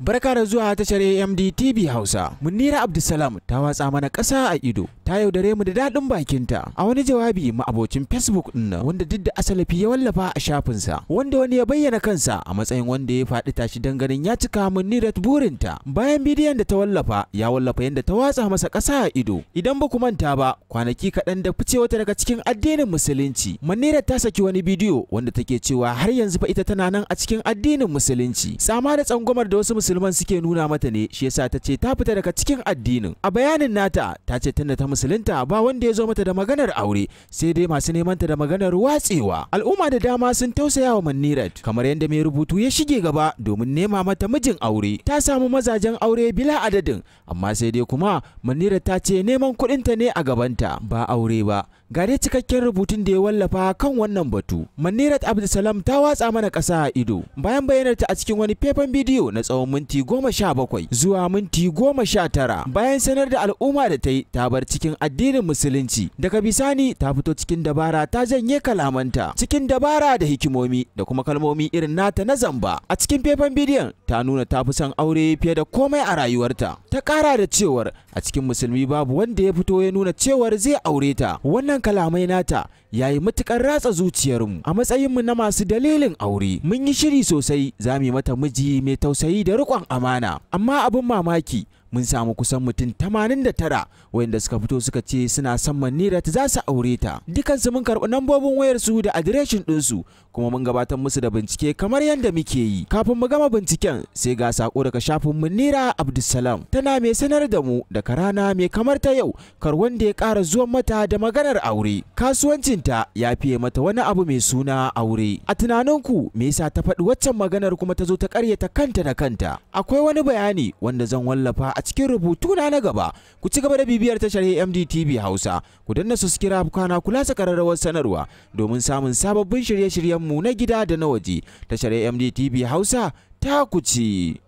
Barka da zuwa tashar AMD TV Hausa. Munira Abdulsalam ta watsa mana ƙasa a ido. Ta yaudare mu da daɗin bakinta. A wani jawabi ma abocin Facebook ɗin wanda duk da asalafi ya wallafa a shafinsa. Wanda wani ya bayyana kansa a matsayin wanda ya faɗi tashi dan ganin ya cika Munira burinta. Bayan bidiyon da ta wallafa, ya wallafa yanda ta watsa masa ƙasa a ido. Idan ba ku manta ba, kwanaki kaɗan da fice wata daga cikin addinin Musulunci. Munira ta saki wani bidiyo wanda take cewa har yanzu fa ita tana nan a cikin addinin Musulunci. Sama da tsangwamar da wasu musulman suke nuna mata ne shi yasa ta ce ta fita daga cikin addinin a bayanin nata ta ce tunda ta musulunta ba wanda ya zo mata da maganar aure sai dai masu neman ta da maganar watsewa al'umma da dama sun tausaya wa manirat kamar yadda mai rubutu ya shige gaba domin nema mata mijin aure ta samu mazajen aure bila adadin amma sai dai kuma manirat ta ce neman kuɗinta ne a gabanta ba aure ba gare cikakken rubutun da ya wallafa kan wannan batu manirat abdulsalam ta watsa mana ƙasa a ido bayan bayyanar ta a cikin wani faifan bidiyo na tsawon minti goma sha bakwai zuwa minti goma sha tara bayan sanar da al'umma da ta yi ta bar cikin addinin musulunci daga bisani ta fito cikin dabara ta janye kalamanta cikin dabara da hikimomi da kuma kalmomi irin nata na zamba a cikin faifan bidiyon ta nuna ta fi son aure fiye da komai a rayuwarta ta kara da cewar a cikin musulmi babu wanda ya fito ya nuna cewar zai aure ta wannan wannan kalamai nata ya yi matuƙar ratsa zuciyarmu a matsayinmu na masu dalilin aure mun yi shiri sosai za mu yi mata miji mai tausayi da riƙon amana amma abin mamaki mun samu kusan mutum tamanin da tara wayanda suka fito suka ce suna son Manirat za su aure ta dukansu mun karɓi nambobin wayar su da adireshin ɗinsu kuma mun gabatar musu da bincike kamar yadda muke yi kafin mu gama binciken sai ga sako daga shafin Munira Abdulsalam tana mai sanar da mu daga rana mai kamar ta yau kar wanda ya kara zuwan mata da maganar aure kasuwancinta ya fiye mata wani abu mai suna aure a tunaninku me yasa ta faɗi waccan maganar kuma ta zo ta ƙaryata kanta da kanta akwai wani bayani wanda zan wallafa a cikin rubutu na na gaba ku ci gaba da bibiyar tashar AMD Hausa ku danna subscribe kana kula sa kararrawar sanarwa domin samun sababbin shirye-shiryen mu na gida da na waje tashar AMD Hausa ta ku ci